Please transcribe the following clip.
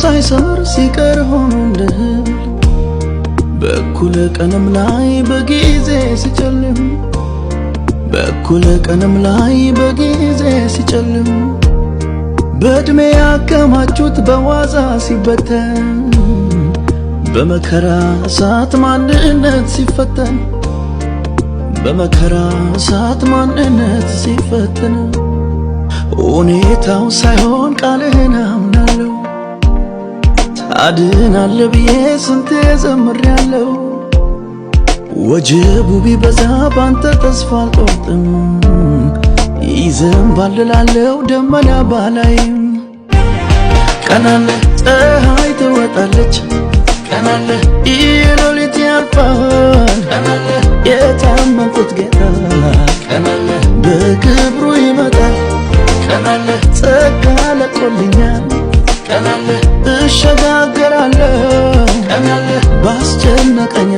ሳይሰር ሲቀር ሆኖ እንደ በኩለ ቀንም ላይ በጊዜ ሲጨልም በኩለ ቀንም ላይ በጊዜ ሲጨልም በእድሜ ያከማቹት በዋዛ ሲበተን በመከራ እሳት ማንነት ሲፈተን በመከራ እሳት ማንነት ሲፈተን ሁኔታው ሳይሆን ቃልህን አምነ አድናለ ብዬ ስንቴ ዘምሬያለው ወጀቡ ቢበዛ ባንተ ተስፋ አልቆርጥም ይዘንባል ደመና ባላይም ቀናለ ፀሐይ ትወጣለች ቀናለ የሌሊት ያልፋል የታመንኩት ጌታ በክብሩ ይመጣል ቀናለ ጸጋ ለቆልኛል እሸጋገራለሁ ባስጨነቀኝ